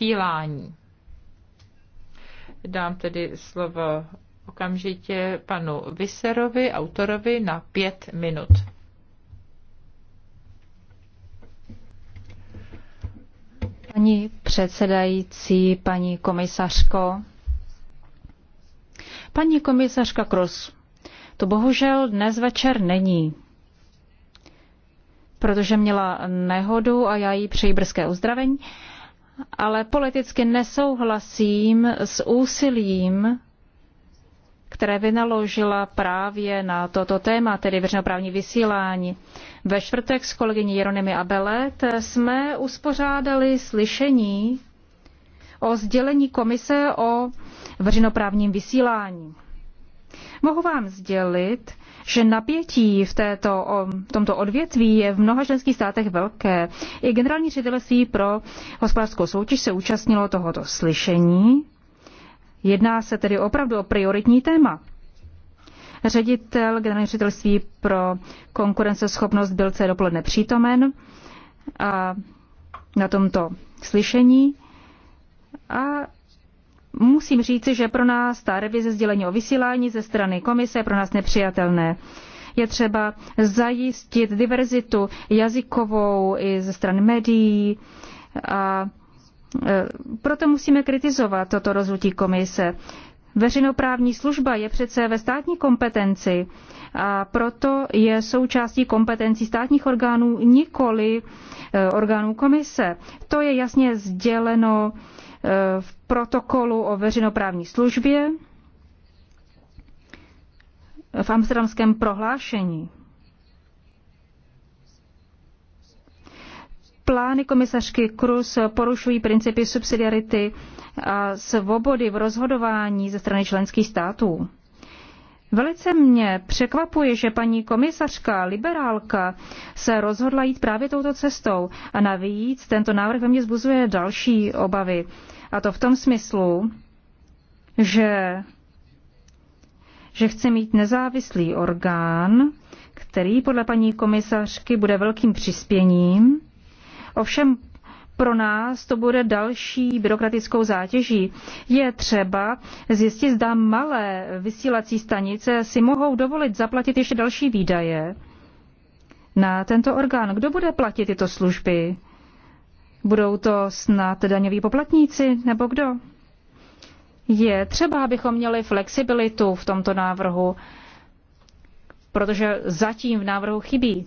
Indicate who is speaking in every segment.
Speaker 1: vysílání. Dám tedy slovo okamžitě panu Viserovi, autorovi, na pět minut.
Speaker 2: Paní předsedající, paní komisařko, paní komisařka Kros, to bohužel dnes večer není, protože měla nehodu a já jí přeji brzké uzdravení ale politicky nesouhlasím s úsilím, které vynaložila právě na toto téma, tedy veřejnoprávní vysílání. Ve čtvrtek s kolegyní Jeronymy Abelet jsme uspořádali slyšení o sdělení komise o veřejnoprávním vysílání. Mohu vám sdělit, že napětí v této, v tomto odvětví je v mnoha členských státech velké. I generální ředitelství pro hospodářskou soutěž se účastnilo tohoto slyšení. Jedná se tedy opravdu o prioritní téma. Ředitel generální ředitelství pro konkurenceschopnost byl celé dopoledne přítomen a na tomto slyšení a musím říci, že pro nás ta revize sdělení o vysílání ze strany komise je pro nás nepřijatelné. Je třeba zajistit diverzitu jazykovou i ze strany médií a e, proto musíme kritizovat toto rozhodnutí komise. Veřejnoprávní služba je přece ve státní kompetenci a proto je součástí kompetencí státních orgánů, nikoli e, orgánů komise. To je jasně sděleno v protokolu o veřejnoprávní službě, v amsterdamském prohlášení. Plány komisařky Cruz porušují principy subsidiarity a svobody v rozhodování ze strany členských států. Velice mě překvapuje, že paní komisařka, liberálka, se rozhodla jít právě touto cestou. A navíc tento návrh ve mně zbuzuje další obavy. A to v tom smyslu, že, že chce mít nezávislý orgán, který podle paní komisařky bude velkým přispěním, ovšem pro nás to bude další byrokratickou zátěží. Je třeba zjistit, zda malé vysílací stanice si mohou dovolit zaplatit ještě další výdaje na tento orgán. Kdo bude platit tyto služby? Budou to snad daňoví poplatníci nebo kdo? Je třeba, abychom měli flexibilitu v tomto návrhu, protože zatím v návrhu chybí.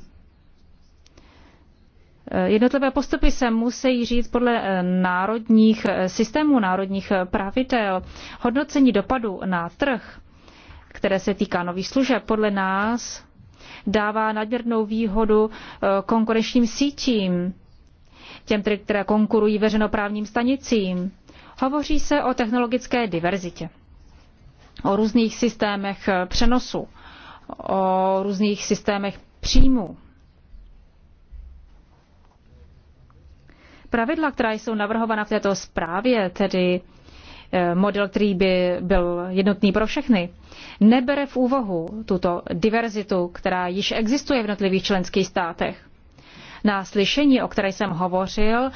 Speaker 2: Eh, jednotlivé postupy se musí říct podle eh, národních eh, systémů, národních pravidel. Hodnocení dopadu na trh, které se týká nových služeb, podle nás dává nadměrnou výhodu konkurenčním sítím, těm, které konkurují veřejnoprávním stanicím. Hovoří se o technologické diverzitě, o různých systémech přenosu, o různých systémech příjmu Pravidla, která jsou navrhována v této zprávě, tedy eh, model, který by byl jednotný pro všechny, nebere v úvahu tuto diverzitu, která již existuje v jednotlivých členských státech. Na slyšení, o které jsem hovořil,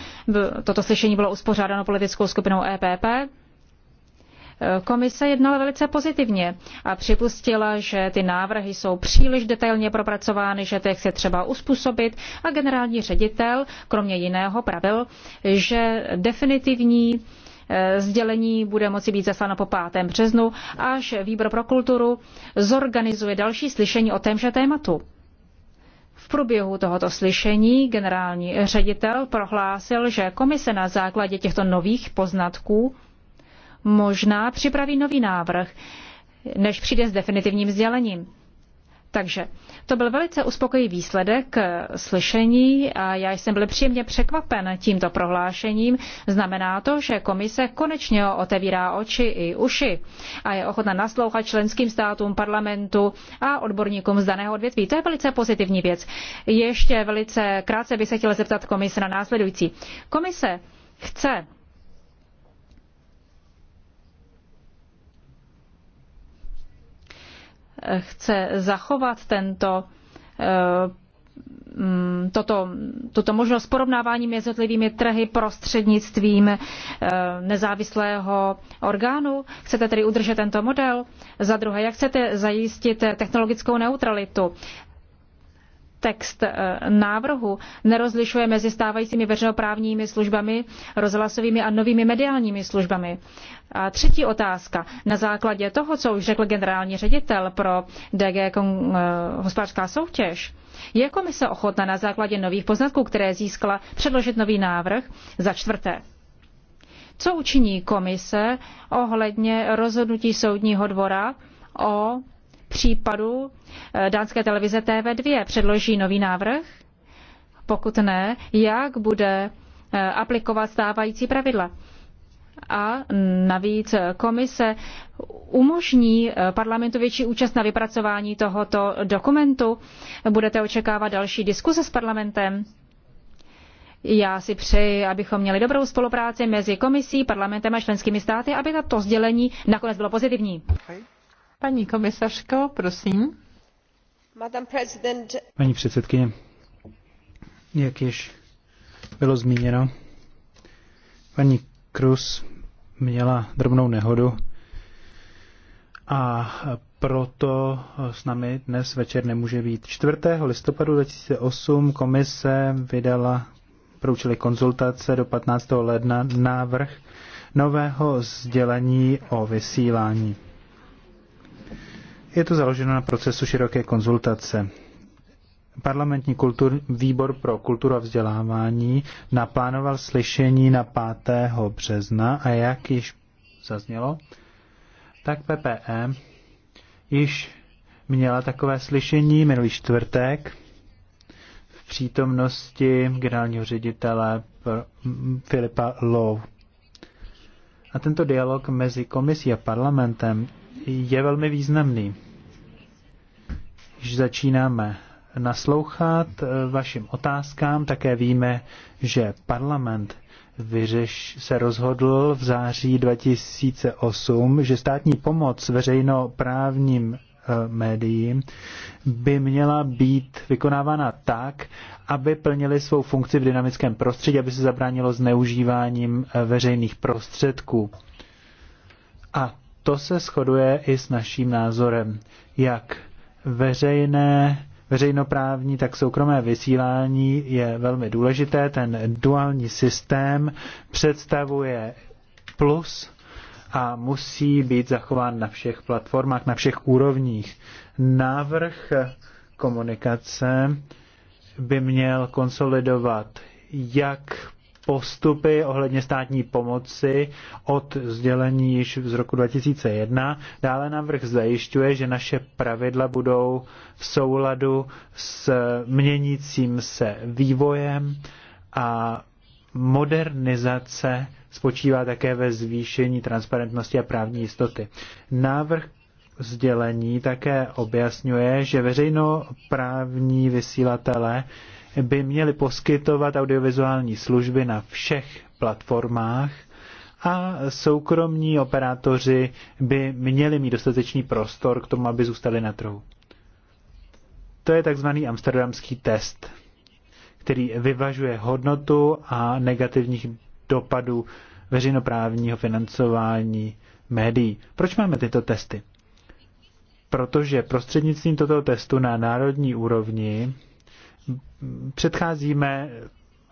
Speaker 2: toto slyšení bylo uspořádáno politickou skupinou EPP, Komise jednala velice pozitivně a připustila, že ty návrhy jsou příliš detailně propracovány, že těch se třeba uspůsobit a generální ředitel, kromě jiného, pravil, že definitivní eh, sdělení bude moci být zasláno po 5. březnu, až Výbor pro kulturu zorganizuje další slyšení o témže tématu. V průběhu tohoto slyšení generální ředitel prohlásil, že komise na základě těchto nových poznatků možná připraví nový návrh, než přijde s definitivním sdělením. Takže to byl velice uspokojivý výsledek slyšení a já jsem byl příjemně překvapen tímto prohlášením. Znamená to, že komise konečně otevírá oči i uši a je ochotna naslouchat členským státům parlamentu a odborníkům z daného odvětví. To je velice pozitivní věc. Ještě velice krátce bych se chtěla zeptat komise na následující. Komise chce chce zachovat tento eh, mm, toto, tuto možnost porovnávání mezi jednotlivými trhy prostřednictvím eh, nezávislého orgánu? Chcete tedy udržet tento model? Za druhé, jak chcete zajistit technologickou neutralitu? Text eh, návrhu nerozlišuje mezi stávajícími veřejnoprávními službami, rozhlasovými a novými mediálními službami. A třetí otázka. Na základě toho, co už řekl generální ředitel pro DG eh, hospodářská soutěž, je komise ochotna na základě nových poznatků, které získala, předložit nový návrh? Za čtvrté. Co učiní komise ohledně rozhodnutí soudního dvora o případu eh, dánské televize TV2? Předloží nový návrh? Pokud ne, jak bude eh, aplikovat stávající pravidla? a navíc komise umožní eh, parlamentu větší účast na vypracování tohoto dokumentu. Budete očekávat další diskuse s parlamentem? Já si přeji, abychom měli dobrou spolupráci mezi komisí, parlamentem a členskými státy, aby to sdělení nakonec bylo pozitivní. Paní
Speaker 1: komisařko, prosím.
Speaker 3: Paní předsedkyně, jak již bylo zmíněno, paní Cruz měla drobnou nehodu a proto s námi dnes večer nemůže být. 4. listopadu 2008 komise vydala pro účely konzultace do 15. ledna návrh nového sdělení o vysílání. Je to založeno na procesu široké konzultace parlamentní kultur, výbor pro kulturu a vzdělávání naplánoval slyšení na 5. března a jak již zaznělo, tak PPE již měla takové slyšení minulý čtvrtek v přítomnosti generálního ředitele Filipa Lou. A tento dialog mezi komisí a parlamentem je velmi významný. Již začínáme naslouchat eh, vašim otázkám. Také víme, že parlament vyřeš, se rozhodl v září 2008, že státní pomoc veřejnoprávním eh, médiím by měla být vykonávána tak, aby plnili svou funkci v dynamickém prostředí, aby se zabránilo zneužíváním eh, veřejných prostředků. A to se shoduje i s naším názorem, jak veřejné veřejnoprávní, tak soukromé vysílání je velmi důležité. Ten duální systém představuje plus a musí být zachován na všech platformách, na všech úrovních. Návrh komunikace by měl konsolidovat jak postupy ohledně státní pomoci od sdělení již z roku 2001. Dále návrh zajišťuje, že naše pravidla budou v souladu s měnícím se vývojem a modernizace spočívá také ve zvýšení transparentnosti a právní jistoty. Návrh sdělení také objasňuje, že veřejnoprávní vysílatele by měly poskytovat audiovizuální služby na všech platformách a soukromní operátoři by měli mít dostatečný prostor k tomu, aby zůstali na trhu. To je takzvaný amsterdamský test, který vyvažuje hodnotu a negativních dopadů veřejnoprávního financování médií. Proč máme tyto testy? Protože prostřednictvím tohoto testu na národní úrovni předcházíme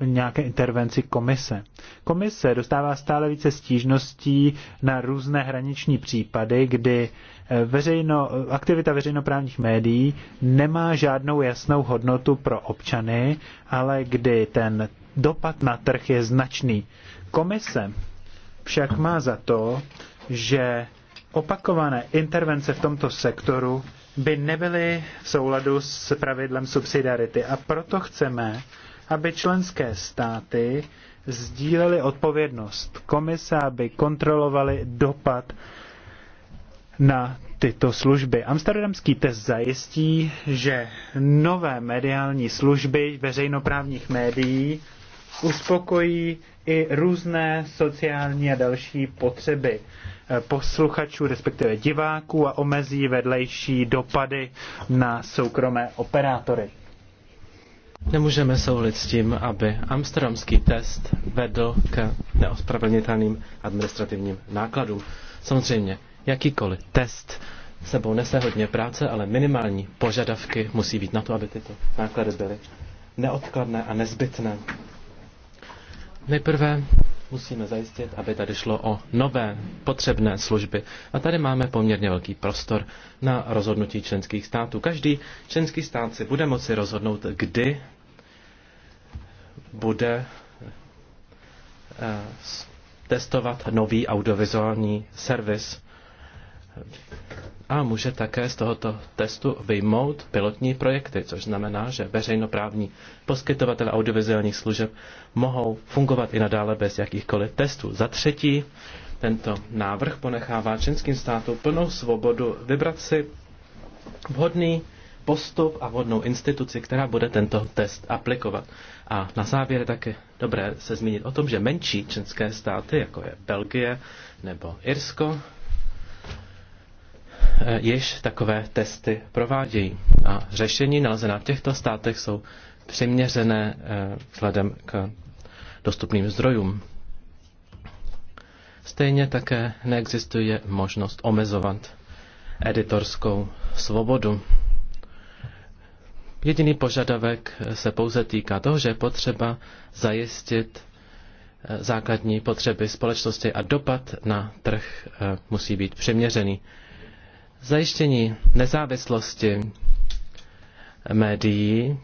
Speaker 3: nějaké intervenci komise. Komise dostává stále více stížností na různé hraniční případy, kdy eh, veřejno, eh, aktivita veřejnoprávních médií nemá žádnou jasnou hodnotu pro občany, ale kdy ten dopad na trh je značný. Komise však má za to, že opakované intervence v tomto sektoru by nebyly v souladu s pravidlem subsidiarity. A proto chceme, aby členské státy sdílely odpovědnost komise, aby kontrolovali dopad na tyto služby. Amsterdamský test zajistí, že nové mediální služby veřejnoprávních médií uspokojí i různé sociální a další potřeby. Eh, posluchačů, respektive diváků a omezí vedlejší dopady na soukromé operátory.
Speaker 4: Nemůžeme souhlit s tím, aby amsterdamský test vedl k neospravedlnitelným administrativním nákladům. Samozřejmě, jakýkoliv test sebou nese hodně práce, ale minimální požadavky musí být na to, aby tyto náklady byly neodkladné a nezbytné. Nejprve musíme zajistit, aby tady šlo o nové potřebné služby. A tady máme poměrně velký prostor na rozhodnutí členských států. Každý členský stát si bude moci rozhodnout, kdy bude eh, testovat nový audiovizuální servis a může také z tohoto testu vyjmout pilotní projekty, což znamená, že veřejnoprávní poskytovatele audiovizuálních služeb mohou fungovat i nadále bez jakýchkoliv testů. Za třetí, tento návrh ponechává členským státům plnou svobodu vybrat si vhodný postup a vhodnou instituci, která bude tento test aplikovat. A na závěr také dobré se zmínit o tom, že menší členské státy, jako je Belgie nebo Irsko, Eh, již takové testy provádějí. A řešení nalezená v těchto státech jsou přiměřené eh, vzhledem k dostupným zdrojům. Stejně také neexistuje možnost omezovat editorskou svobodu. Jediný požadavek se pouze týká toho, že je potřeba zajistit eh, základní potřeby společnosti a dopad na trh musí být přiměřený. Zajištění nezávislosti médií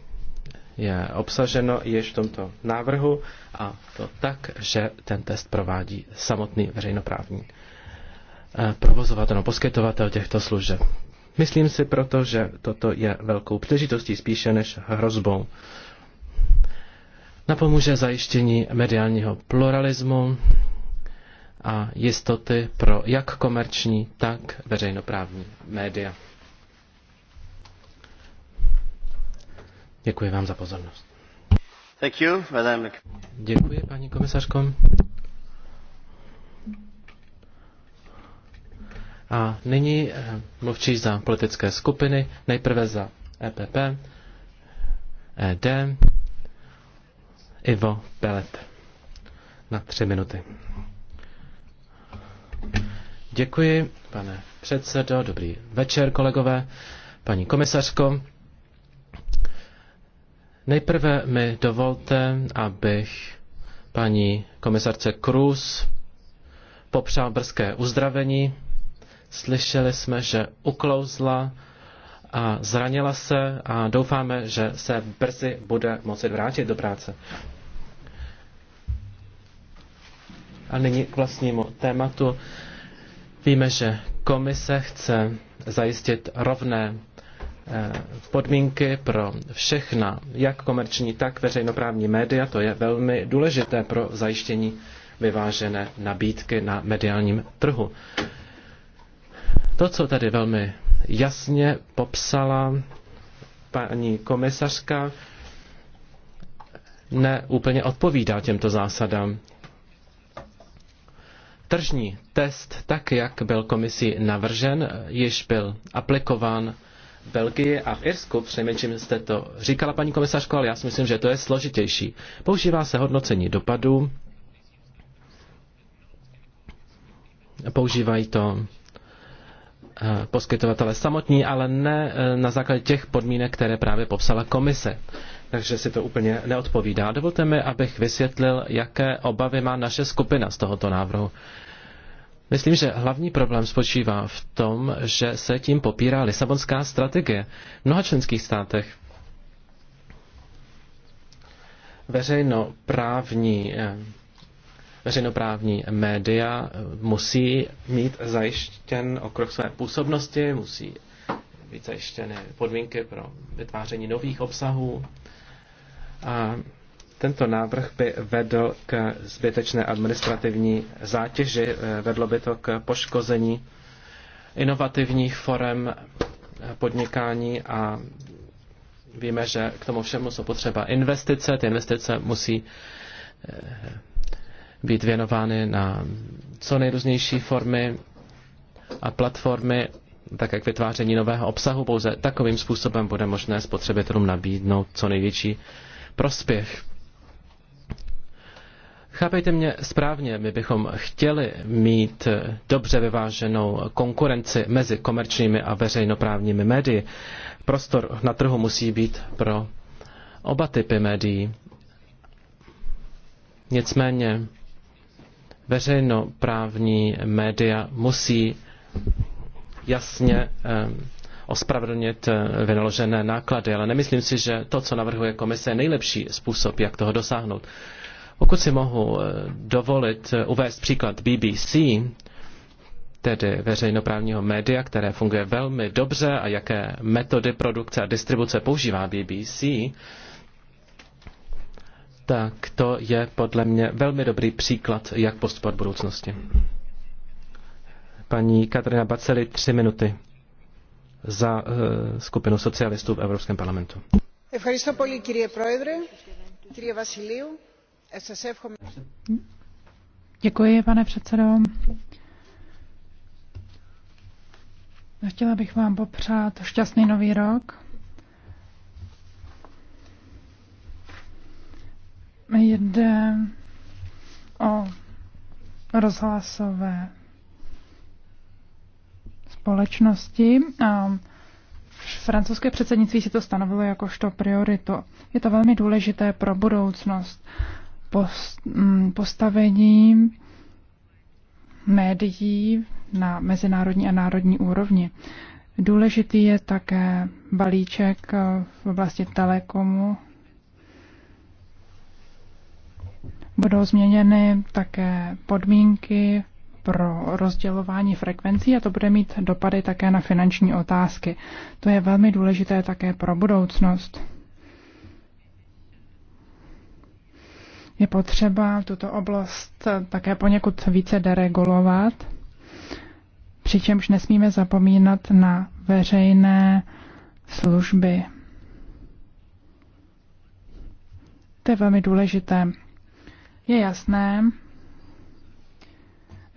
Speaker 4: je obsaženo již v tomto návrhu a to tak, že ten test provádí samotný veřejnoprávní eh, provozovatel, poskytovatel těchto služeb. Myslím si proto, že toto je velkou příležitostí spíše než hrozbou. Napomůže zajištění mediálního pluralismu, a jistoty pro jak komerční, tak veřejnoprávní média. Děkuji vám za pozornost. Thank you, madame. Děkuji, paní komisařko. A nyní eh, mluvčí za politické skupiny, nejprve za EPP, ED, Ivo Pelet. Na tři minuty. Děkuji, pane předsedo. Dobrý večer, kolegové. Paní komisařko, nejprve mi dovolte, abych paní komisarce Cruz popřál brzké uzdravení. Slyšeli jsme, že uklouzla a zranila se a doufáme, že se brzy bude moci vrátit do práce. A nyní k vlastnímu tématu. Víme, že komise chce zajistit rovné eh, podmínky pro všechna, jak komerční, tak veřejnoprávní média. To je velmi důležité pro zajištění vyvážené nabídky na mediálním trhu. To, co tady velmi jasně popsala paní komisařka, neúplně odpovídá těmto zásadám. Tržní test, tak jak byl komisí navržen, již byl aplikován v Belgii a v Irsku, přinejmenším jste to říkala, paní komisařko, ale já si myslím, že to je složitější. Používá se hodnocení dopadů, používají to eh, poskytovatele samotní, ale ne eh, na základě těch podmínek, které právě popsala komise takže si to úplně neodpovídá. Dovolte mi, abych vysvětlil, jaké obavy má naše skupina z tohoto návrhu. Myslím, že hlavní problém spočívá v tom, že se tím popírá Lisabonská strategie v mnoha členských státech. Veřejnoprávní, eh, veřejnoprávní média musí mít zajištěn okruh své působnosti, musí být zajištěny podmínky pro vytváření nových obsahů, a tento návrh by vedl k zbytečné administrativní zátěži, eh, vedlo by to k poškození inovativních forem eh, podnikání a víme, že k tomu všemu jsou potřeba investice. Ty investice musí eh, být věnovány na co nejrůznější formy a platformy, tak jak vytváření nového obsahu. Pouze takovým způsobem bude možné spotřebitelům nabídnout co největší prospěch. Chápejte mě správně, my bychom chtěli mít dobře vyváženou konkurenci mezi komerčními a veřejnoprávními médii. Prostor na trhu musí být pro oba typy médií. Nicméně veřejnoprávní média musí jasně eh, ospravedlnit eh, vynaložené náklady, ale nemyslím si, že to, co navrhuje komise, je nejlepší způsob, jak toho dosáhnout. Pokud si mohu eh, dovolit eh, uvést příklad BBC, tedy veřejnoprávního média, které funguje velmi dobře a jaké metody produkce a distribuce používá BBC, tak to je podle mě velmi dobrý příklad, jak postupovat v budoucnosti. Paní Katrina Baceli, tři minuty za eh, skupinu socialistů v Evropském parlamentu.
Speaker 1: Děkuji, pane předsedo. Chtěla bych vám popřát šťastný nový rok. Jde o rozhlasové společnosti. A francouzské předsednictví si to stanovilo jakožto prioritu. Je to velmi důležité pro budoucnost mm, postavení médií na mezinárodní a národní úrovni. Důležitý je také balíček eh, v oblasti telekomu. Budou změněny také podmínky pro rozdělování frekvencí a to bude mít dopady také na finanční otázky. To je velmi důležité také pro budoucnost. Je potřeba tuto oblast také poněkud více deregulovat, přičemž nesmíme zapomínat na veřejné služby. To je velmi důležité. Je jasné,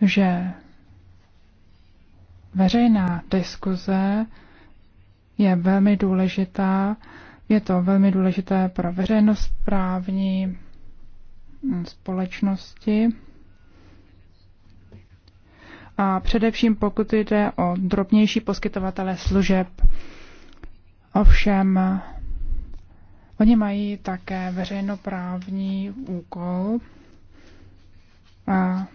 Speaker 1: že veřejná diskuze je velmi důležitá. Je to velmi důležité pro veřejnosprávní společnosti. A především pokud jde o drobnější poskytovatele služeb, ovšem oni mají také veřejnoprávní úkol a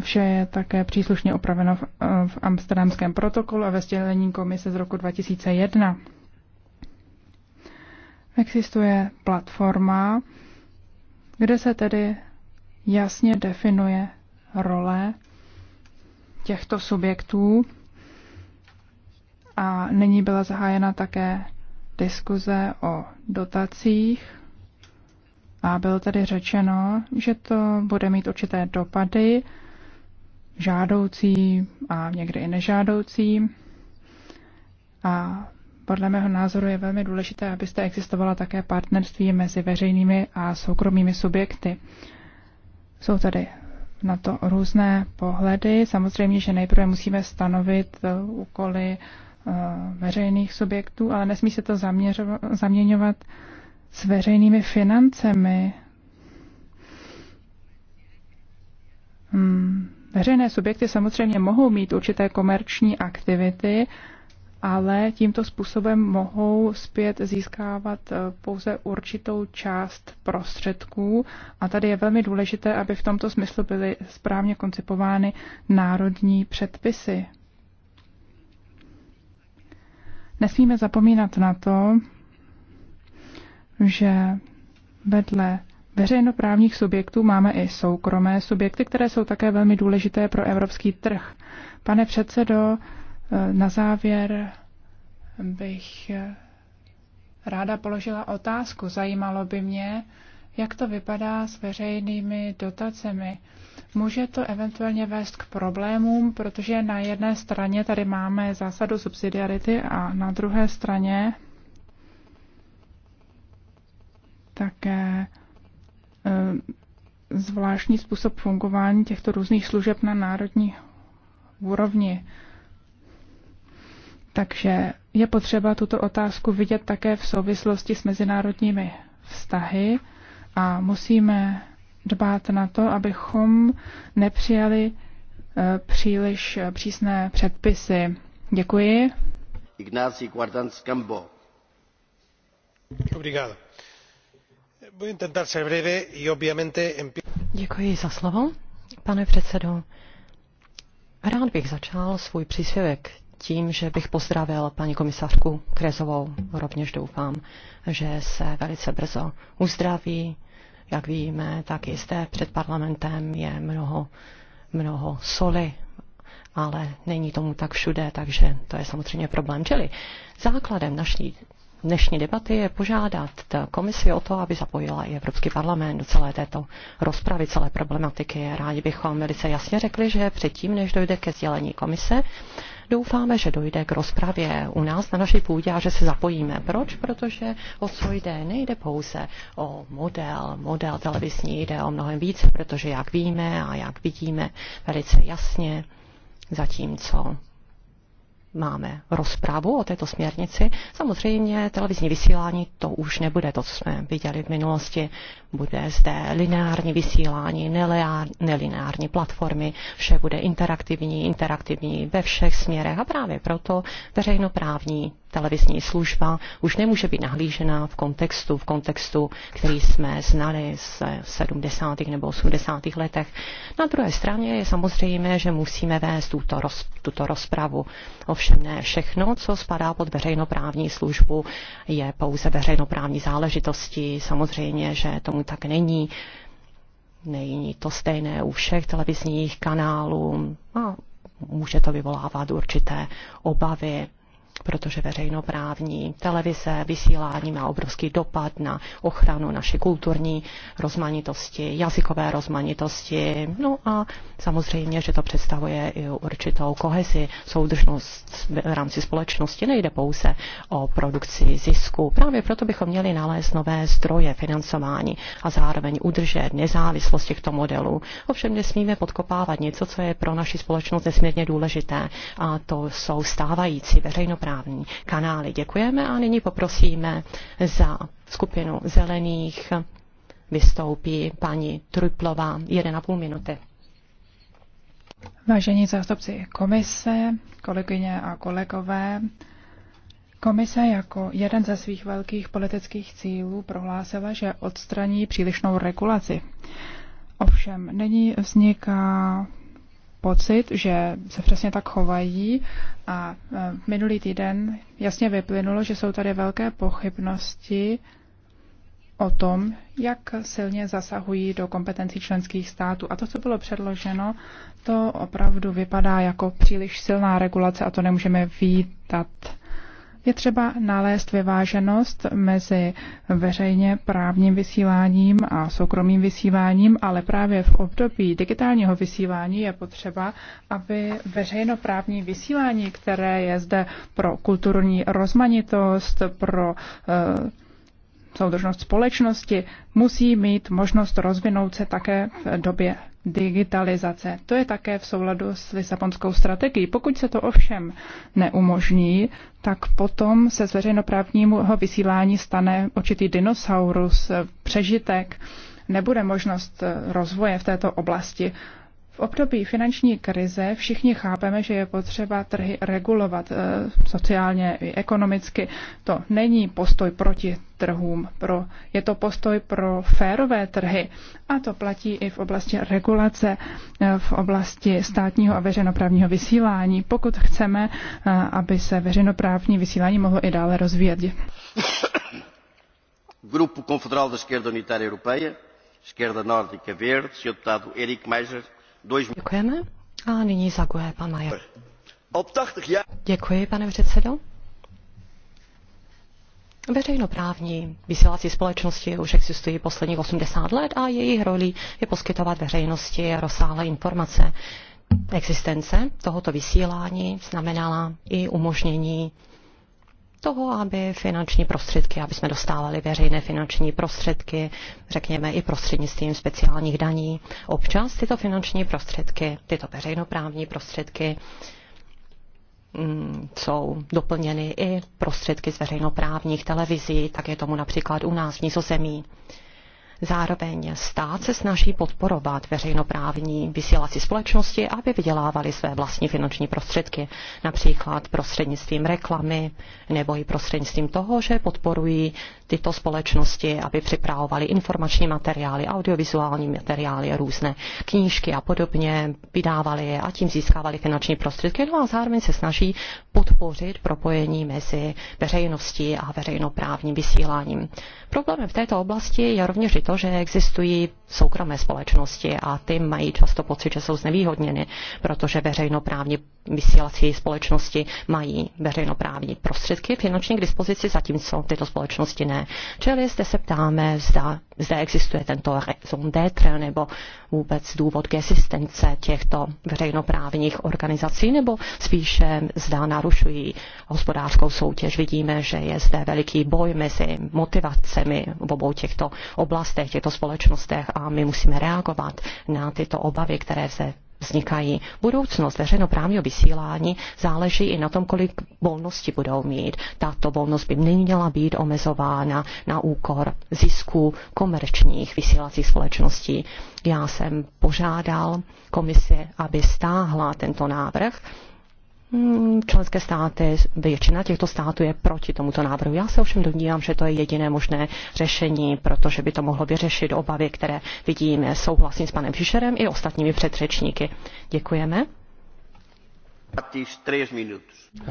Speaker 1: Vše je také příslušně opraveno v, v amsterdamském protokolu a ve sdělení komise z roku 2001. Existuje platforma, kde se tedy jasně definuje role těchto subjektů a nyní byla zahájena také diskuze o dotacích a bylo tedy řečeno, že to bude mít určité dopady žádoucí a někdy i nežádoucí. A podle mého názoru je velmi důležité, abyste existovala také partnerství mezi veřejnými a soukromými subjekty. Jsou tady na to různé pohledy. Samozřejmě, že nejprve musíme stanovit eh, úkoly eh, veřejných subjektů, ale nesmí se to zaměňovat s veřejnými financemi. Hmm Veřejné subjekty samozřejmě mohou mít určité komerční aktivity, ale tímto způsobem mohou zpět získávat eh, pouze určitou část prostředků a tady je velmi důležité, aby v tomto smyslu byly správně koncipovány národní předpisy. Nesmíme zapomínat na to, že vedle veřejnoprávních subjektů máme i soukromé subjekty, které jsou také velmi důležité pro evropský trh. Pane předsedo, eh, na závěr bych eh, ráda položila otázku. Zajímalo by mě, jak to vypadá s veřejnými dotacemi. Může to eventuálně vést k problémům, protože na jedné straně tady máme zásadu subsidiarity a na druhé straně také Eh, zvláštní způsob fungování těchto různých služeb na národní úrovni. Takže je potřeba tuto otázku vidět také v souvislosti s mezinárodními vztahy a musíme dbát na to, abychom nepřijali eh, příliš přísné předpisy. Děkuji.
Speaker 3: Ignacio Guardans Cambo. Obrigado.
Speaker 1: Děkuji za
Speaker 5: slovo, pane předsedající Rád bych začal svůj příspěvek tím, že bych pozdravil paní komisařku kroesovou Rovněž doufám, že se velice brzo uzdraví. Jak víme, tak i zde před parlamentem je mnoho, mnoho soli, ale není tomu tak všude, takže to je samozřejmě problém. Čili základem naší dnešní debaty je požádat komisi o to, aby zapojila i Evropský parlament do celé této rozpravy, celé problematiky. Rádi bychom velice jasně řekli, že předtím, než dojde ke sdělení komise, doufáme, že dojde k rozpravě u nás na naší půdě a že se zapojíme. Proč? Protože o co jde? Nejde pouze o model, model televizní, jde o mnohem více, protože jak víme a jak vidíme velice jasně, zatímco máme rozpravu o této směrnici. Samozřejmě televizní vysílání to už nebude to, co jsme viděli v minulosti. Bude zde lineární vysílání, nelineární platformy, vše bude interaktivní, interaktivní ve všech směrech a právě proto veřejnoprávní televizní služba už nemůže být nahlížena v kontextu, v kontextu, který jsme znali z 70. nebo 80. letech. Na druhé straně je samozřejmě, že musíme vést tuto, roz, tuto rozpravu. Ovšem ne všechno, co spadá pod veřejnoprávní službu, je pouze veřejnoprávní záležitosti. Samozřejmě, že tomu tak není. Není to stejné u všech televizních kanálů a může to vyvolávat určité obavy protože veřejnoprávní televize, vysílání má obrovský dopad na ochranu naší kulturní rozmanitosti, jazykové rozmanitosti. No a samozřejmě, že to představuje i určitou kohezi, soudržnost v rámci společnosti. Nejde pouze o produkci zisku. Právě proto bychom měli nalézt nové zdroje financování a zároveň udržet nezávislost těchto modelů. Ovšem nesmíme podkopávat něco, co je pro naši společnost nesmírně důležité. A to jsou stávající veřejnoprávní právní kanály. Děkujeme a nyní poprosíme za skupinu zelených vystoupí paní Truplová 1,5
Speaker 1: minuty. Vážení zástupci komise, kolegyně a kolegové, Komise jako jeden ze svých velkých politických cílů prohlásila, že odstraní přílišnou regulaci. Ovšem, nyní vzniká pocit, že se přesně tak chovají a e, minulý týden jasně vyplynulo, že jsou tady velké pochybnosti o tom, jak silně zasahují do kompetencí členských států. A to, co bylo předloženo, to opravdu vypadá jako příliš silná regulace a to nemůžeme vítat. Je třeba nalézt vyváženost mezi veřejně právním vysíláním a soukromým vysíláním, ale právě v období digitálního vysílání je potřeba, aby veřejnoprávní vysílání, které je zde pro kulturní rozmanitost, pro eh, soudržnost společnosti, musí mít možnost rozvinout se také v době digitalizace. To je také v souladu s Lisabonskou strategií. Pokud se to ovšem neumožní, tak potom se z veřejnoprávního vysílání stane určitý dinosaurus, přežitek, nebude možnost rozvoje v této oblasti v období finanční krize všichni chápeme, že je potřeba trhy regulovat eh, sociálně i ekonomicky. To není postoj proti trhům, pro, je to postoj pro férové trhy. A to platí i v oblasti regulace, eh, v oblasti státního a veřejnoprávního vysílání, pokud chceme, eh, aby se veřejnoprávní vysílání mohlo i dále rozvíjet.
Speaker 6: Grupu Confederal Esquerda Unitária Europeia, Esquerda Nórdica Verde, Sr. Deputado Eric Meijer,
Speaker 5: Děkujeme. A nyní zaguje pan Majer. Děkuji, pane předsedo. Veřejnoprávní vysílací společnosti už existují posledních 80 let a jejich rolí je poskytovat veřejnosti rozsáhlé informace. Existence tohoto vysílání znamenala i umožnění toho, aby finanční prostředky, aby jsme dostávali veřejné finanční prostředky, řekněme i prostřednictvím speciálních daní. Občas tyto finanční prostředky, tyto veřejnoprávní prostředky mm, jsou doplněny i prostředky z veřejnoprávních televizí, tak je tomu například u nás v Nizozemí. Zároveň stát se snaží podporovat veřejnoprávní vysílací společnosti, aby vydělávali své vlastní finanční prostředky, například prostřednictvím reklamy nebo i prostřednictvím toho, že podporují tyto společnosti, aby připravovali informační materiály, audiovizuální materiály, různé knížky a podobně, vydávali je a tím získávali finanční prostředky. No a zároveň se snaží podpořit propojení mezi veřejností a veřejnoprávním vysíláním. Problémem v této oblasti je rovněž to, to, že neexistují soukromé společnosti a ty mají často pocit, že jsou znevýhodněny, protože veřejnoprávní vysílací společnosti mají veřejnoprávní prostředky finanční k dispozici, zatímco tyto společnosti ne. Čili zde se ptáme, zda, zda existuje tento raison d'être nebo vůbec důvod k existence těchto veřejnoprávních organizací, nebo spíše zda narušují hospodářskou soutěž. Vidíme, že je zde veliký boj mezi motivacemi v obou těchto oblastech, těchto společnostech a a my musíme reagovat na tyto obavy, které se vznikají. Budoucnost veřejnoprávního vysílání záleží i na tom, kolik volnosti budou mít. Tato volnost by neměla být omezována na úkor zisku komerčních vysílacích společností. Já jsem požádal komisi, aby stáhla tento návrh Hmm, členské státy, většina těchto států je proti tomuto návrhu. Já se ovšem domnívám, že to je jediné možné řešení, protože by to mohlo vyřešit obavy, které vidíme. Souhlasím s panem Fischerem i ostatními předřečníky. Děkujeme.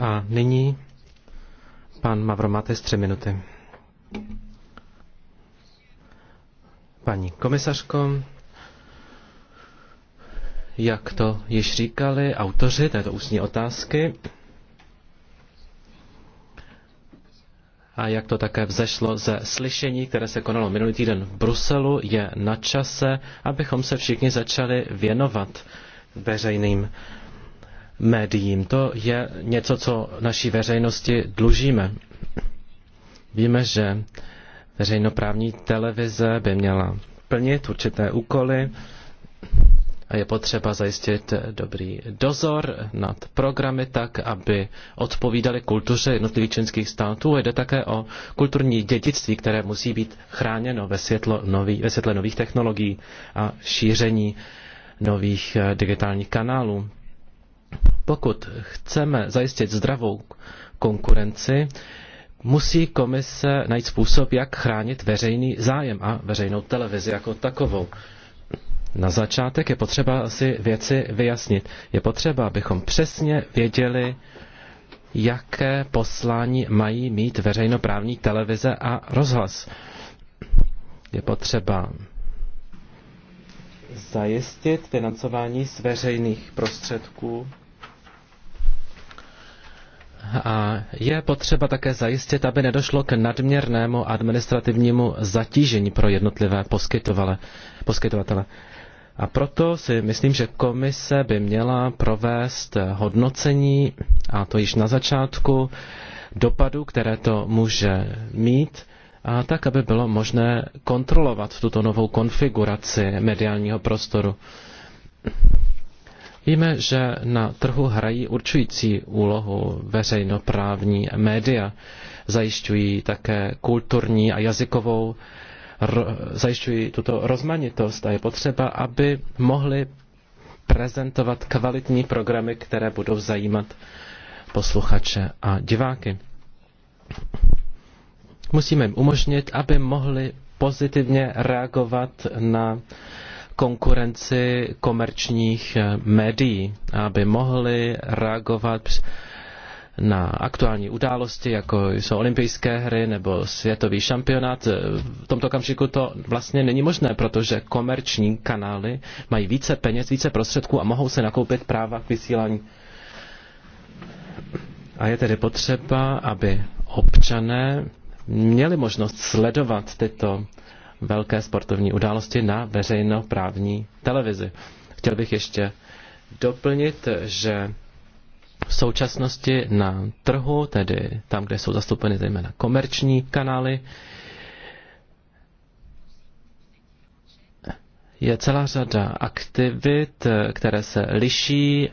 Speaker 4: A nyní pan Mavromatis tři minuty. Paní komisařko, jak to již říkali autoři této ústní otázky, a jak to také vzešlo ze slyšení, které se konalo minulý týden v Bruselu, je na čase, abychom se všichni začali věnovat veřejným médiím. To je něco, co naší veřejnosti dlužíme. Víme, že veřejnoprávní televize by měla plnit určité úkoly, a je potřeba zajistit dobrý dozor nad programy tak, aby odpovídaly kultuře jednotlivých členských států. Jde také o kulturní dědictví, které musí být chráněno ve, světlo nový, ve světle nových technologií a šíření nových eh, digitálních kanálů. Pokud chceme zajistit zdravou konkurenci, musí komise najít způsob, jak chránit veřejný zájem a veřejnou televizi jako takovou. Na začátek je potřeba si věci vyjasnit. Je potřeba, abychom přesně věděli, jaké poslání mají mít veřejnoprávní televize a rozhlas. Je potřeba zajistit financování z veřejných prostředků a je potřeba také zajistit, aby nedošlo k nadměrnému administrativnímu zatížení pro jednotlivé poskytovatele. A proto si myslím, že komise by měla provést hodnocení, a to již na začátku, dopadu, které to může mít, a tak, aby bylo možné kontrolovat tuto novou konfiguraci mediálního prostoru. Víme, že na trhu hrají určující úlohu veřejnoprávní média. Zajišťují také kulturní a jazykovou, zajišťují tuto rozmanitost a je potřeba, aby mohli prezentovat kvalitní programy, které budou zajímat posluchače a diváky. Musíme jim umožnit, aby mohli pozitivně reagovat na konkurenci komerčních eh, médií, aby mohli reagovat na aktuální události, jako jsou olympijské hry nebo světový šampionát. Eh, v tomto okamžiku to vlastně není možné, protože komerční kanály mají více peněz, více prostředků a mohou se nakoupit práva k vysílání. A je tedy potřeba, aby občané měli možnost sledovat tyto velké sportovní události na veřejnoprávní televizi. Chtěl bych ještě doplnit, že v současnosti na trhu, tedy tam, kde jsou zastoupeny zejména komerční kanály, je celá řada aktivit, které se liší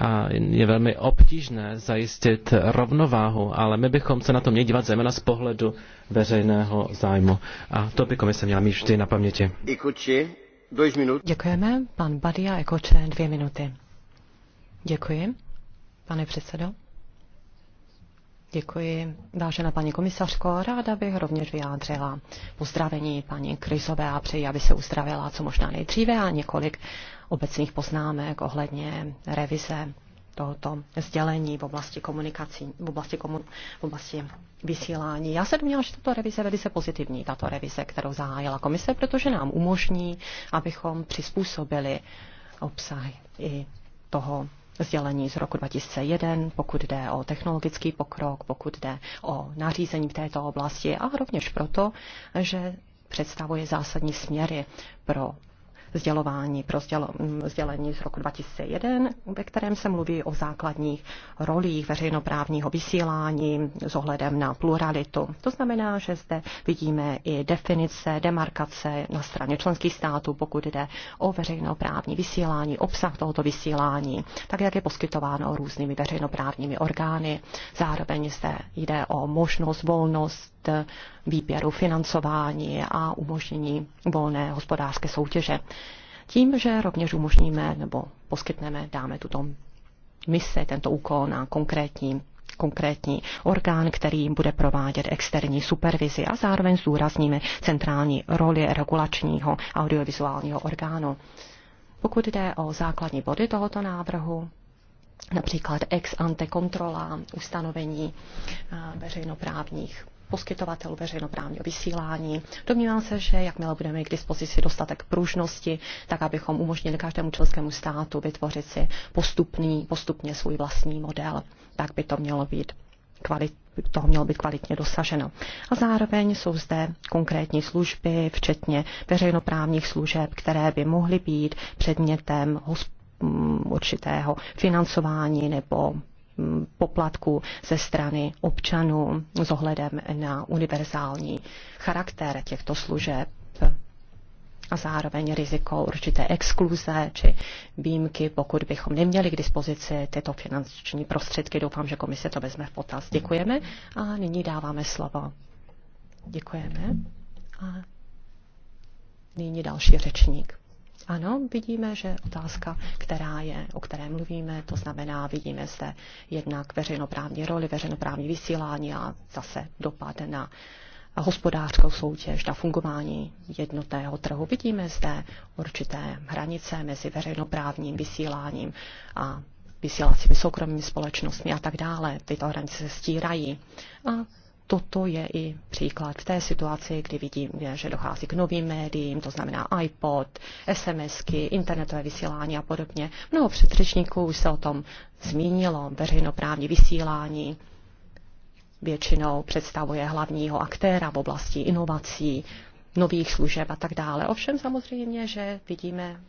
Speaker 4: a je velmi obtížné zajistit rovnováhu, ale my bychom se na to měli dívat zejména z pohledu veřejného zájmu. A to by komise měla mít vždy na paměti.
Speaker 5: Děkujeme. Pan Badia Ekoče, jako dvě minuty. Děkuji, pane předsedo. Děkuji, vážená paní komisařko. Ráda bych rovněž vyjádřila pozdravení paní Krizové a přeji, aby se uzdravila co možná nejdříve a několik obecných poznámek ohledně revize tohoto sdělení v oblasti komunikací, v oblasti, komun, v oblasti vysílání. Já se domnívám, že tato revize je velice pozitivní, tato revize, kterou zahájila komise, protože nám umožní, abychom přizpůsobili obsah i toho sdělení z roku 2001, pokud jde o technologický pokrok, pokud jde o nařízení v této oblasti a rovněž proto, že představuje zásadní směry pro vzdělování pro vzdělení z roku 2001, ve kterém se mluví o základních rolích veřejnoprávního vysílání s ohledem na pluralitu. To znamená, že zde vidíme i definice, demarkace na straně členských států, pokud jde o veřejnoprávní vysílání, obsah tohoto vysílání, tak jak je poskytováno různými veřejnoprávními orgány. Zároveň zde jde o možnost, volnost výběru financování a umožnění volné hospodářské soutěže. Tím, že rovněž umožníme nebo poskytneme, dáme tuto mise, tento úkol na konkrétní konkrétní orgán, který jim bude provádět externí supervizi a zároveň zdůrazníme centrální roli regulačního audiovizuálního orgánu. Pokud jde o základní body tohoto návrhu, například ex ante kontrola, ustanovení eh, veřejnoprávních poskytovatelů veřejnoprávního vysílání. Domnívám se, že jakmile budeme mít k dispozici dostatek pružnosti, tak abychom umožnili každému členskému státu vytvořit si postupný, postupně svůj vlastní model, tak by to mělo být kvalit, toho mělo být kvalitně dosaženo. A zároveň jsou zde konkrétní služby, včetně veřejnoprávních služeb, které by mohly být předmětem hospodářství mm, určitého financování nebo poplatků ze strany občanů s ohledem na univerzální charakter těchto služeb a zároveň riziko určité exkluze či výjimky, pokud bychom neměli k dispozici tyto finanční prostředky. Doufám, že komise to vezme v potaz. Děkujeme a nyní dáváme slovo. Děkujeme. A nyní další řečník. Ano, vidíme, že otázka, která je, o které mluvíme, to znamená, vidíme zde jednak veřejnoprávní roli, veřejnoprávní vysílání a zase dopad na hospodářskou soutěž, na fungování jednotného trhu. Vidíme zde určité hranice mezi veřejnoprávním vysíláním a vysílacími soukromými společnostmi a tak dále. Tyto hranice se stírají. A toto je i příklad v té situaci, kdy vidíme, že dochází k novým médiím, to znamená iPod, SMSky, internetové vysílání a podobně. Mnoho předřečníků už se o tom zmínilo, veřejnoprávní vysílání většinou představuje hlavního aktéra v oblasti inovací, nových služeb a tak dále. Ovšem samozřejmě, že vidíme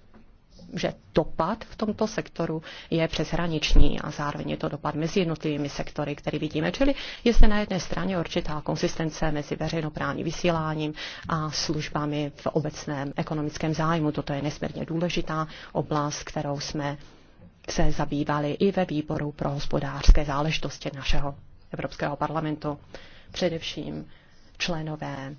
Speaker 5: že dopad v tomto sektoru je přeshraniční a zároveň je to dopad mezi jednotlivými sektory, které vidíme. Čili je zde na jedné straně určitá konsistence mezi veřejnoprávním vysíláním a službami v obecném ekonomickém zájmu. Toto je nesmírně důležitá oblast, kterou jsme se zabývali i ve výboru pro hospodářské záležitosti našeho Evropského parlamentu. Především členové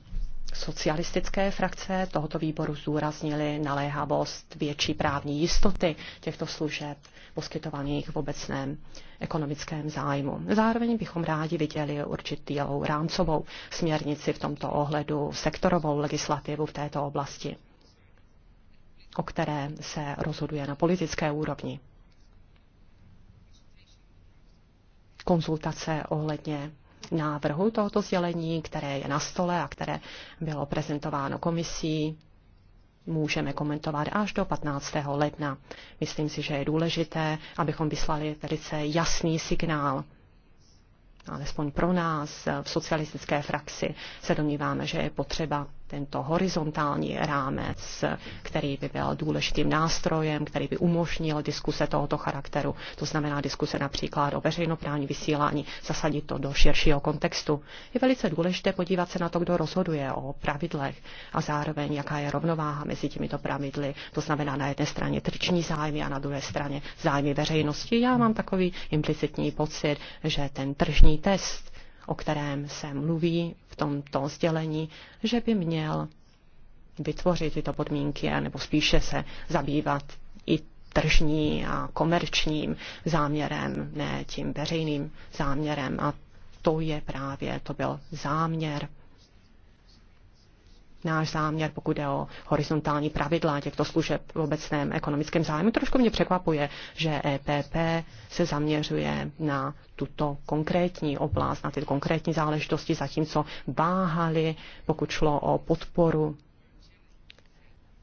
Speaker 5: socialistické frakce tohoto výboru zdůraznili naléhavost větší právní jistoty těchto služeb poskytovaných v obecném ekonomickém zájmu. Zároveň bychom rádi viděli určitou rámcovou směrnici v tomto ohledu, sektorovou legislativu v této oblasti, o které se rozhoduje na politické úrovni. Konzultace ohledně návrhu tohoto sdělení, které je na stole a které bylo prezentováno komisí, můžeme komentovat až do 15. ledna. Myslím si, že je důležité, abychom vyslali velice jasný signál alespoň pro nás v socialistické frakci se domníváme, že je potřeba tento horizontální rámec, který by byl důležitým nástrojem, který by umožnil diskuse tohoto charakteru, to znamená diskuse například o veřejnoprávní vysílání, zasadit to do širšího kontextu. Je velice důležité podívat se na to, kdo rozhoduje o pravidlech a zároveň jaká je rovnováha mezi těmito pravidly, to znamená na jedné straně trční zájmy a na druhé straně zájmy veřejnosti. Já mám takový implicitní pocit, že ten tržní test o kterém se mluví v tomto sdělení, že by měl vytvořit tyto podmínky, nebo spíše se zabývat i tržní a komerčním záměrem, ne tím veřejným záměrem. A to je právě, to byl záměr náš záměr, pokud je o horizontální pravidla těchto služeb v obecném ekonomickém zájmu. Trošku mě překvapuje, že EPP se zaměřuje na tuto konkrétní oblast, na ty konkrétní záležitosti, zatímco váhali, pokud šlo o podporu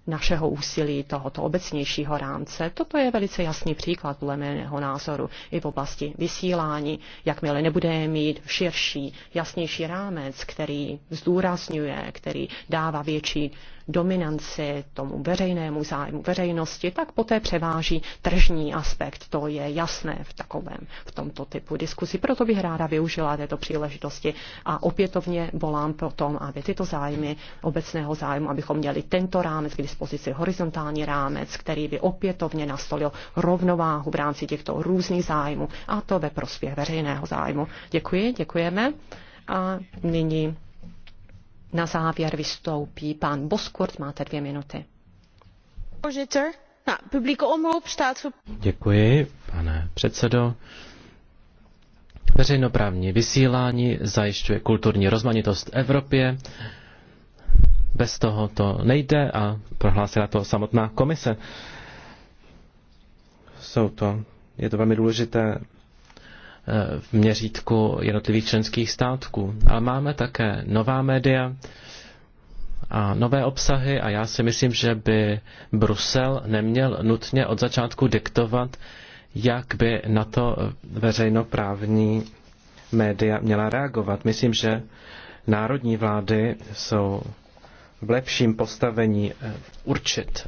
Speaker 5: našeho úsilí tohoto obecnějšího rámce. Toto je velice jasný příklad podle mého názoru i v oblasti vysílání. Jakmile nebudeme mít širší, jasnější rámec, který zdůrazňuje, který dává větší dominanci, tomu veřejnému zájmu veřejnosti, tak poté převáží tržní aspekt. To je jasné v takovém, v tomto typu diskuzi. Proto bych ráda využila této příležitosti a opětovně volám po tom, aby tyto zájmy obecného zájmu, abychom měli tento rámec k dispozici, horizontální rámec, který by opětovně nastolil rovnováhu v rámci těchto různých zájmů a to ve prospěch veřejného zájmu. Děkuji, děkujeme. A nyní na závěr vystoupí pan Boskurt. Máte dvě minuty.
Speaker 4: Děkuji, pane předsedo. Veřejnoprávní vysílání zajišťuje kulturní rozmanitost v Evropě. Bez toho to nejde a prohlásila to samotná komise. Jsou to, je to velmi důležité v měřítku jednotlivých členských států. Ale máme také nová média a nové obsahy a já si myslím, že by Brusel neměl nutně od začátku diktovat, jak by na to veřejnoprávní média měla reagovat. Myslím, že národní vlády jsou v lepším postavení eh, určit,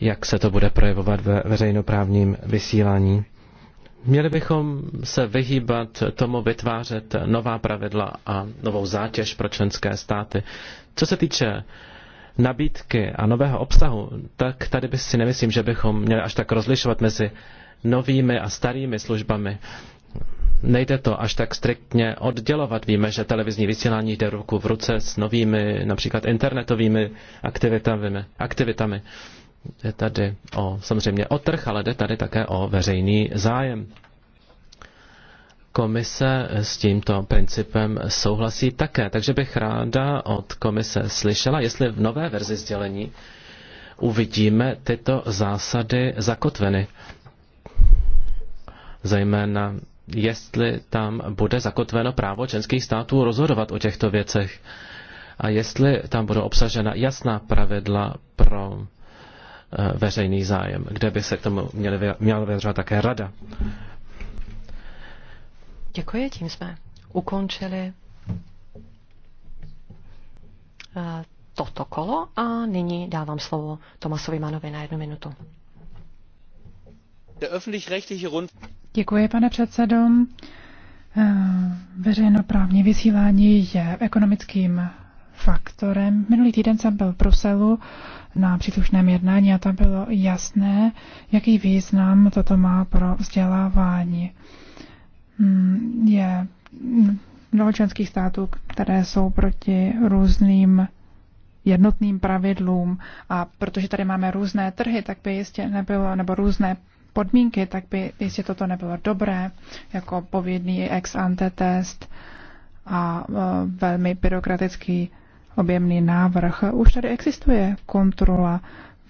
Speaker 4: jak se to bude projevovat ve veřejnoprávním vysílání. Měli bychom se vyhýbat tomu vytvářet nová pravidla a novou zátěž pro členské státy. Co se týče nabídky a nového obsahu, tak tady by si nemyslím, že bychom měli až tak rozlišovat mezi novými a starými službami. Nejde to až tak striktně oddělovat. Víme, že televizní vysílání jde ruku v ruce s novými, například internetovými aktivitami. aktivitami. Jde tady o, samozřejmě o trh, ale jde tady také o veřejný zájem. Komise s tímto principem souhlasí také, takže bych ráda od komise slyšela, jestli v nové verzi sdělení uvidíme tyto zásady zakotveny. Zejména jestli tam bude zakotveno právo členských států rozhodovat o těchto věcech a jestli tam budou obsažena jasná pravidla pro Eh, veřejný zájem, kde by se k tomu měli, měla vyjadřovat také rada.
Speaker 5: Děkuji, tím jsme ukončili eh, toto kolo a nyní dávám slovo Tomasovi Manovi na jednu minutu.
Speaker 1: Děkuji, pane předsedo. Eh, veřejnoprávní vysílání je ekonomickým faktorem. Minulý týden jsem byl v Bruselu na příslušném jednání a tam bylo jasné, jaký význam toto má pro vzdělávání. Hmm, je mnoho členských států, které jsou proti různým jednotným pravidlům a protože tady máme různé trhy, tak by jistě nebylo, nebo různé podmínky, tak by jistě toto nebylo dobré, jako povědný ex ante test a e, velmi byrokratický objemný návrh. Už tady existuje kontrola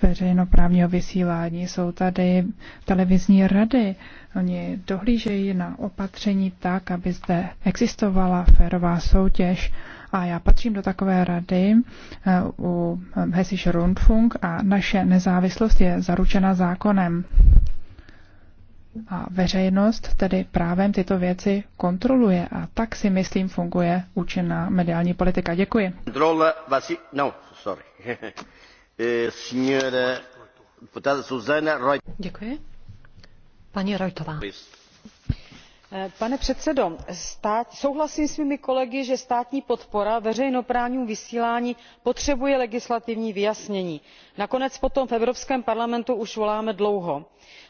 Speaker 1: veřejnoprávního vysílání, jsou tady televizní rady, oni dohlížejí na opatření tak, aby zde existovala férová soutěž. A já patřím do takové rady eh, u Hessische Rundfunk a naše nezávislost je zaručena zákonem a veřejnost tedy právem tyto věci kontroluje a tak si myslím funguje účinná mediální politika. Děkuji.
Speaker 6: No, eh, Děkuji. Paní Rojtová pane předsedající souhlasím se svými kolegy že státní podpora veřejnoprávnímu vysílání potřebuje legislativní vyjasnění. nakonec po tom v evropském parlamentu už voláme dlouho.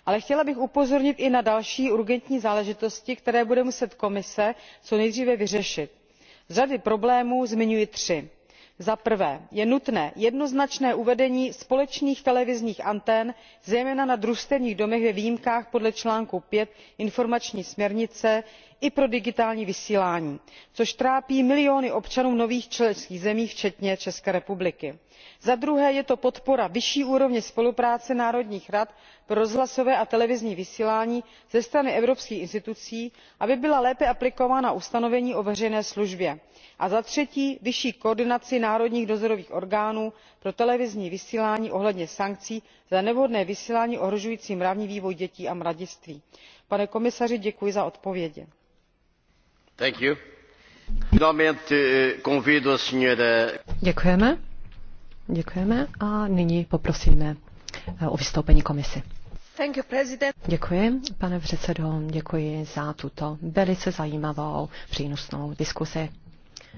Speaker 6: ale chtěla bych upozornit i na další urgentní záležitosti které bude muset komise co nejdříve vyřešit. z řady problémů zmiňuji tři za prvé je nutné jednoznačné uvedení společných televizních antén zejména na družstevních domech ve výjimkách podle článku five informační směrnice č i pro digitální vysílání což trápí miliony občanů v nových členských zemích včetně české republiky. za druhé je to podpora vyšší úrovně spolupráce národních rad pro rozhlasové a televizní vysílání ze strany evropských institucí aby byla lépe aplikována ustanovení o veřejné službě a za třetí vyšší koordinaci národních dozorových orgánů pro televizní vysílání ohledně sankcí za nevhodné vysílání ohrožující mravní vývoj dětí a mladistvých. pane komisaři děkuji za odpovědi. Eh, Děkujeme. a
Speaker 5: nyní poprosíme eh, o vystoupení komisi. děkuji, pane předsedo, děkuji za tuto velice zajímavou přínosnou diskusi.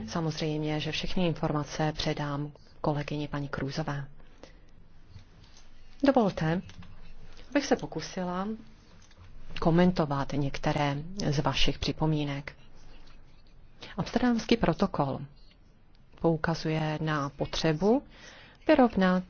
Speaker 5: Samozřejmě, že všechny informace předám kolegyni paní Krůzové. Dovolte, abych se pokusila komentovat některé z vašich připomínek. Amsterdamský protokol poukazuje na potřebu vyrovnat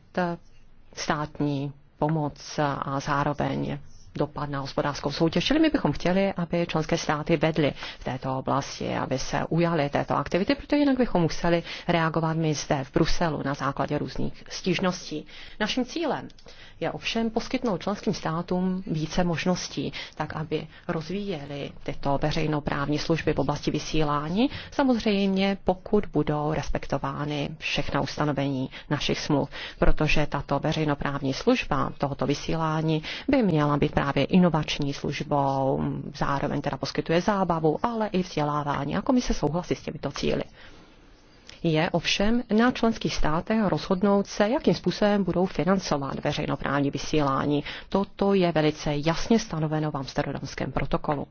Speaker 5: státní pomoc a zároveň dopad na hospodářskou soutěž. Čili my bychom chtěli, aby členské státy vedly v této oblasti, aby se ujaly této aktivity, protože jinak bychom museli reagovat my zde v Bruselu na základě různých stížností. Naším cílem je ovšem poskytnout členským státům více možností, tak aby rozvíjeli tyto veřejnoprávní služby v oblasti vysílání, samozřejmě pokud budou respektovány všechna ustanovení našich smluv, protože tato veřejnoprávní služba tohoto vysílání by měla být právě inovační službou, zároveň teda poskytuje zábavu, ale i vzdělávání. A komise souhlasí s těmito cíly. Je ovšem na členských státech rozhodnout se, jakým způsobem budou financovat veřejnoprávní vysílání. Toto je velice jasně stanoveno v Amsterdamském protokolu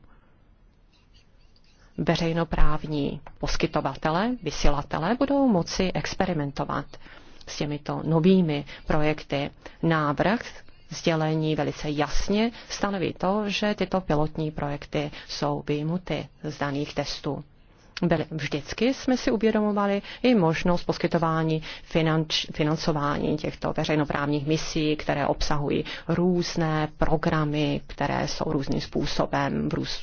Speaker 5: veřejnoprávní poskytovatele, vysílatele budou moci experimentovat s těmito novými projekty. Návrh sdělení velice jasně stanoví to, že tyto pilotní projekty jsou vyjmuty z daných testů. Byli. Vždycky jsme si uvědomovali i možnost poskytování finanč, financování těchto veřejnoprávních misí, které obsahují různé programy, které jsou různým způsobem v, růz,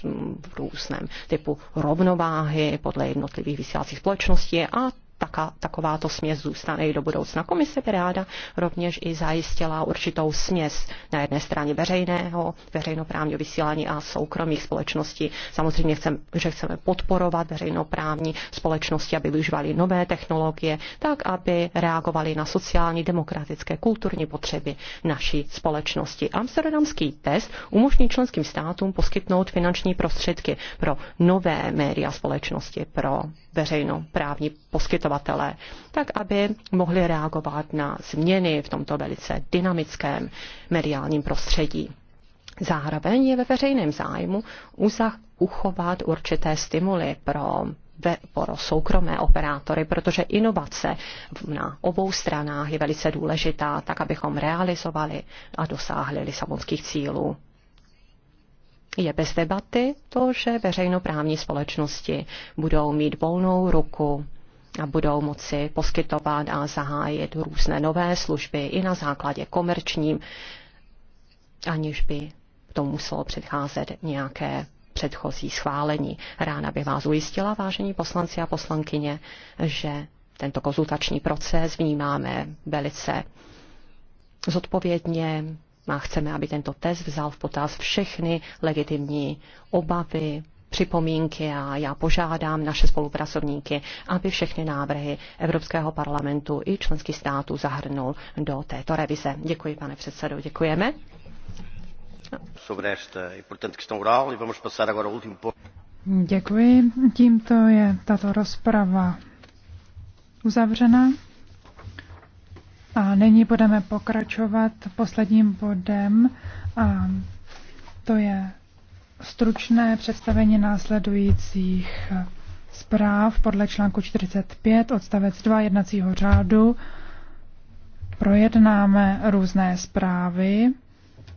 Speaker 5: v různém typu rovnováhy podle jednotlivých vysílacích společností a taka, takováto směs zůstane i do budoucna. Komise by ráda rovněž i zajistila určitou směs na jedné straně veřejného, veřejnoprávního vysílání a soukromých společností. Samozřejmě, chcem, že chceme podporovat veřejnoprávní společnosti, aby využívali nové technologie, tak aby reagovali na sociální, demokratické, kulturní potřeby naší společnosti. Amsterdamský test umožní členským státům poskytnout finanční prostředky pro nové média společnosti, pro veřejnoprávní poskytovatelé, tak aby mohli reagovat na změny v tomto velice dynamickém mediálním prostředí. Zároveň je ve veřejném zájmu úzah uchovat určité stimuly pro ve, pro soukromé operátory, protože inovace na obou stranách je velice důležitá, tak abychom realizovali a dosáhli lisabonských cílů je bez debaty to, že veřejnoprávní společnosti budou mít volnou ruku a budou moci poskytovat a zahájit různé nové služby i na základě komerčním, aniž by tomu muselo předcházet nějaké předchozí schválení. Rána by vás ujistila, vážení poslanci a poslankyně, že tento konzultační proces vnímáme velice zodpovědně, a chceme, aby tento test vzal v potaz všechny legitimní obavy, připomínky a já požádám naše spolupracovníky, aby všechny návrhy Evropského parlamentu i členských států zahrnul do této revize. Děkuji, pane předsedo, děkujeme.
Speaker 1: Děkuji. Tímto je tato rozprava uzavřena. A nyní budeme pokračovat posledním bodem a to je stručné představení následujících zpráv podle článku 45 odstavec 2 jednacího řádu. Projednáme různé zprávy.